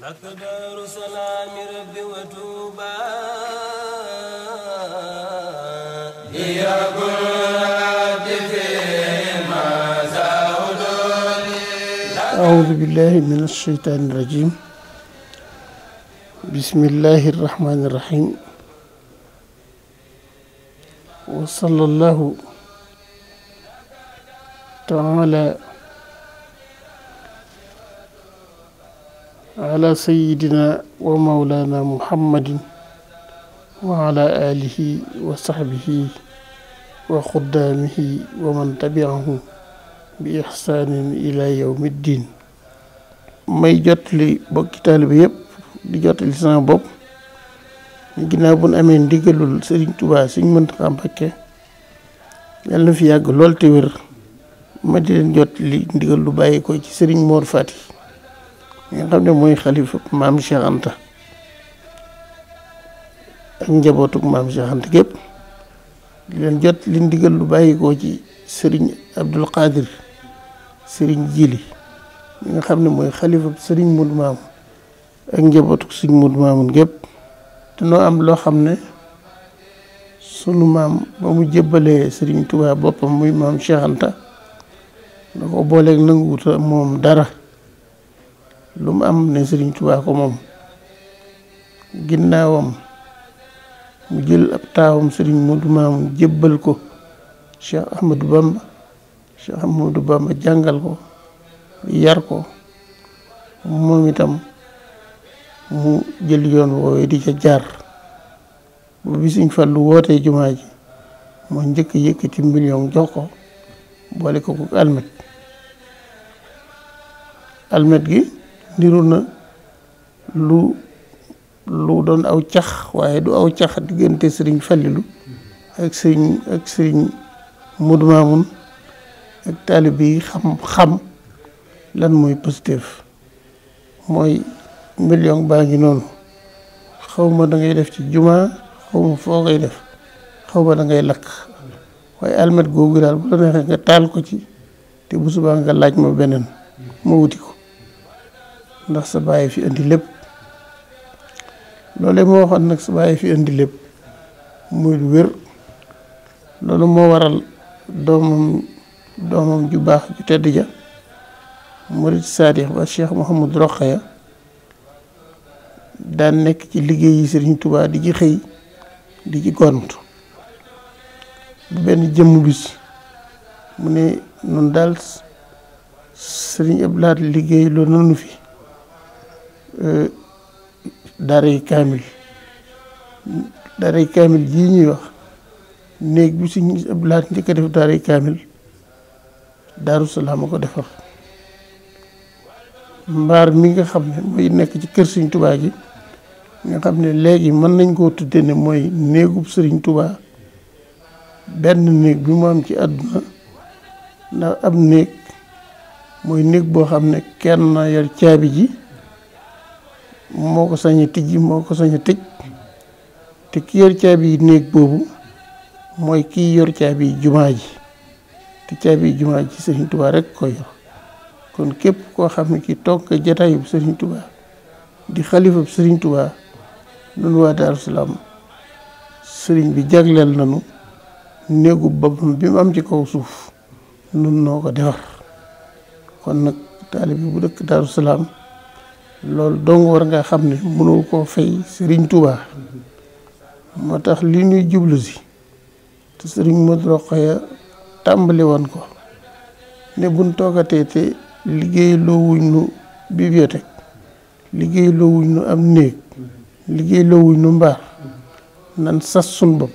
لك دار سلام ربي وتوبا أعوذ بالله من الشيطان الرجيم بسم الله الرحمن الرحيم وصلى الله تعالى ala sayyidina wa mawlana muhammadin wa ala alihi wa sahbihi wa xuddaamihi wa man tabiahu bi ixsaanin ila yawmi ddin may jotli bokki taalibe yëpp di jotli sama bopp ginnaaw bu nu amee ndigalul Serigne Touba Sëñ Muntaxa Mbakke yàlla na fi yàgg lool te wér ma di leen jotli ndigal lu bàyyi ko ci Serigne Mor Fati nga xam ne mooy xalifa maam Cheikh Anta ak njabootuk maam Cheikh gépp leen jot li ndigal lu bàyyikoo ci sëriñ Abdul Qadir sëriñ Jili mi nga xam ne mooy xalifa sëriñ Mud Maamun ak njabootuk sëriñ Mud Maamun gépp noo am loo xam ne sunu maam ba mu jébbalee sëriñ tubaab boppam muy maam Cheikh Anta ko booleeg nanguwuta moom dara lu mu am ne Sëriñ Tuubaa ko moom ginnaawam mu jël ab taawam Sëriñ Moodu Maamu jébbal ko Cheikh Ahmadou Bamba Cheikh Ahmadou Bamba jàngal ko yar ko moom itam mu jël yoon woowee di ca jaar bu bisiñ fàllu wootee jumaa ji moo njëkk yëkkati million jox ko boole ko ku almet almet gi niru na lu lu doon aw cax waaye du aw cax diggante sëriñ Fallilu ak sëriñ ak sëriñ Mudu Maamun ak taalib yi xam xam lan mooy positif mooy million baa ngi noonu xaw ma dangay def ci jumaa xaw ma foo koy def xaw ma dangay lakk waaye almet googu daal bu la neexee nga taal ko ci te bu subaa nga laaj ma beneen ma wuti ko ndax sa baay fi indi lépp loole moo waxoon nag sa baay fi indi lépp muy lu wér loolu moo waral doomam doomam ju baax ju tedd ja murid saadix ba Cheikh Mouhamadou Rokhaya daan nekk ci liggéey yi Sëriñ Tuubaa di ci xëy di ci gont bu benn jëmm bis mu ne nun daal Sëriñ Abdul Ahad liggéey loolu nanu fi Euh, daaray kaamil daaray kaamil yi ñuy wax néeg bi suñ ab laat njëkk def daaray kaamil daaru salaam a ko defar mbaar mi nga xam ne mooy nekk ci kër suñ tubaa ji nga xam ne léegi mën nañ koo tudde ni mooy néegub sëriñ tubaa benn néeg bi mu am ci àdduna ndax ab néeg mooy néeg boo xam ne kenn yor caabi ji moo ko sañ a moo ko sañ tëj te ki yor caabi néeg boobu mooy kii yor caabi jumaa ji te caabi jumaa ji Serigne Touba rekk ko yor kon képp koo xam ne ki toog ko jataayub Serigne Touba di xalifa Serigne Touba nun waa Daaru Salaam bi jagleel nanu néegu boppam bi mu am ci kaw suuf nun noo ko defar kon nag taalibe bu dëkk Daaru Salaam loolu dong war nga xam ne mënoo koo fay sëriñ Tuubaa moo tax li ñuy jublu si te sëriñ Modou Rokhaya tàmbali woon ko ne buñ toogatee te liggéey loo wuñ am néeg liggéey loo wuñ nu mbaar nan sas suñ bopp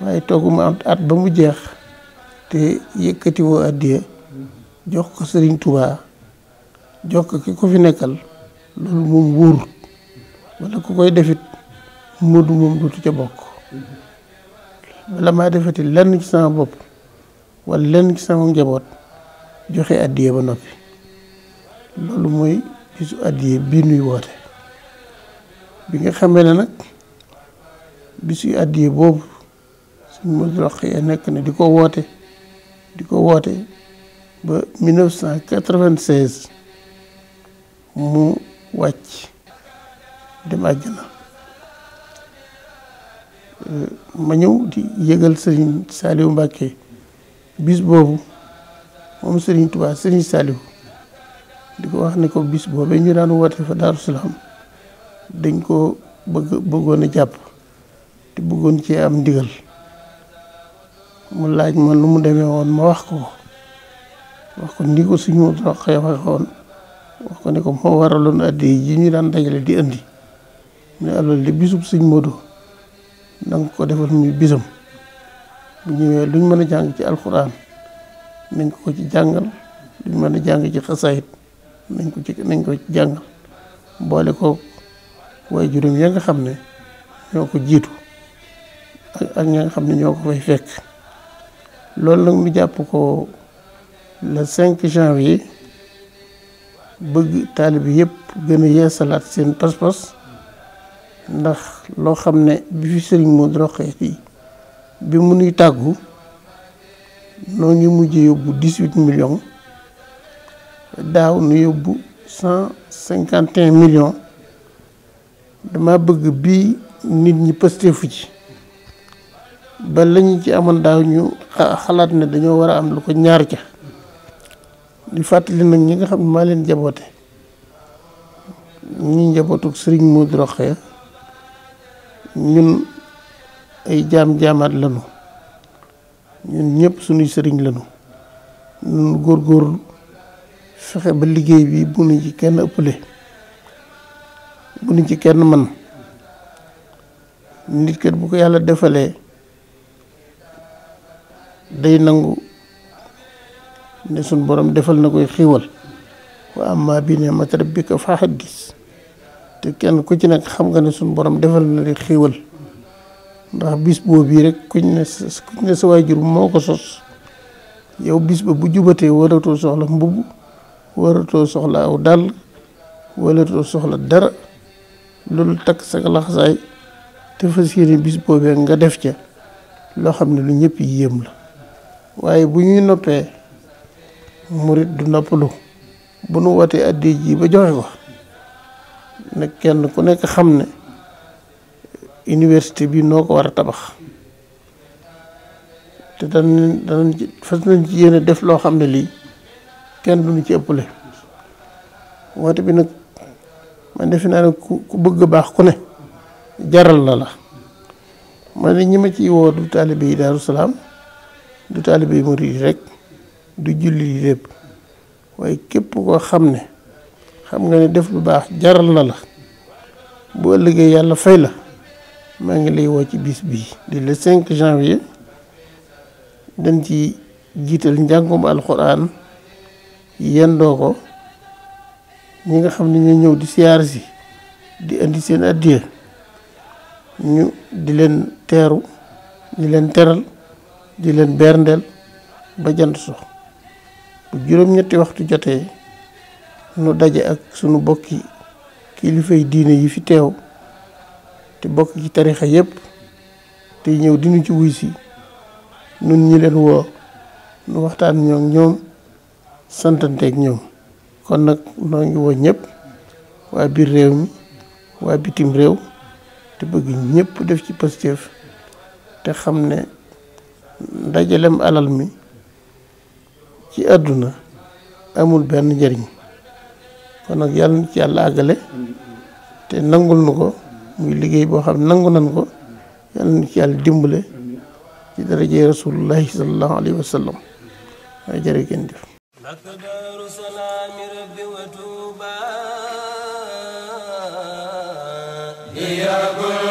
waaye tooguma am at ba mu jeex te yëkkati woo addiya jox ko sëriñ Tuubaa jox ko ki ko fi nekkal loolu moom wóorut wala ku koy defit mudu moom duutu ca bokk bala maa defati lenn ci sama bopp walla lenn ci sama njaboot joxe addiye ba noppi loolu mooy bisu addiye bii nuy woote bi nga xamee ne nag bisu addiye boobu suñ madu roq ya nekk ne di ko woote di ko woote ba 1996 mu wàcc dem na eh, ma ñëw di yëgal sëriñ Saliou Mbacke bis boobu moom sëriñ Touba sëriñ Saliou di ko wax ne ko bis boobee ñu daan woote fa Daaru dañ ko bëgg bëggoon jàpp te bëggoon ci am ndigal mu laaj ma lu mu demee woon ma wax ko wax ko ni ko suñu roqee waxee woon wax ko ne ko moo waraloon addi yi ñuy daan dajale di andi ne alal di bisub sëñ Moodu na ko defal muy bisam bu ñëwee luñ mën a jàng ci alxuraan nañ ko ko ci jàngal luñ mën a jàng ci xasaayit nañ ko ci nañ ko ci jàngal boole ko waaye juróom ya nga xam ne ñoo ko jiitu ak ak ña xam ne ñoo ko fay fekk loolu nag mu jàpp ko le 5 janvier. bëgg taalib yëpp gën a salaat seen pas-pas ndax loo xam ne bi fi sëriñ Modou Rokhaya fii bi mu nuy tàggu noo ngi mujjee yóbbu dix-huit millions daaw nu yóbbu cent cinquante million dama bëgg bii nit ñi pësteefu ci ba lañu ci amoon daaw ñu xalaat ne dañoo war a am lu ko ñaar ca li fàttali nag ñi nga xam ne maa leen jaboote ñu njabootuk sëriñ Modou Rokhaya ñun ay jaam-jaamaat lanu ñun ñëpp suñuy sëriñ lanu ñun góorgóorlu fexe ba liggéey bi bu nu ci kenn ëppale bu nu ci kenn man nit kat bu ko yàlla defalee day nangu ne suñ borom defal na koy xiiwal wa amma bi ni'mati rabbika fa te kenn ku ci nekk xam nga ne suñ borom defal na li xiiwal ndax bis boobu yi rek kuñ ne kuñ ne sa waajur moo ko sos yow bis ba bu jubatee waratoo soxla mbubb waratoo soxla aw dàll waratoo soxla dara loolu takk sa laxasaay te fas yéene bis boobee nga def ca loo xam ne lu ñëpp yéem la waaye bu ñuy noppee murit du noppalu bu nu watee addi ji ba joxe ko nag kenn ku nekk xam ne université bii noo ko war a tabax te danañ danañ ci fas nañ ci yéene def loo xam ne lii kenn duñu ci ëppale woote bi nag man defe naa ku ku bëgg baax ku ne jaral la la man ne ñi ma ciy woo du taalibe yi Daaru Salaam du taalibe yi murit yi rek du julli lépp waaye képp koo xam ne xam nga ni def lu baax jaral na la bu ëllëgee yàlla fay la maa ngi lay woo ci bis bii di le 5 janvier dañ ci jiital njàngum alxuraan yendoo ko ñi nga xam ne ñoo ñëw di siyaar si di indi seen addiya ñu di leen teeru di leen teral di leen berndeel ba jant so bu juróom-ñetti waxtu jotee nu daje ak sunu bokki kilifay diine yi fi teew te bokk ci tarixa yépp te ñëw dinu ci wuy si nun ñi leen woo nu waxtaan ñoom ñoom santanteeg ñoom kon nag noo ngi woo ñëpp waa biir réew mi waa bitim réew te bëgg ñëpp def ci positif te xam ne ndajalem alal mi ci àdduna amul benn njëriñ kon nag yàlla na ci yàlla àggale te nangul nu ko muy liggéey boo xam nangu nan ko yàlla na ci yàlla dimbale ci daraje rasulullahi sallallahu alayhi wa waaye jërë ngeen jëf يا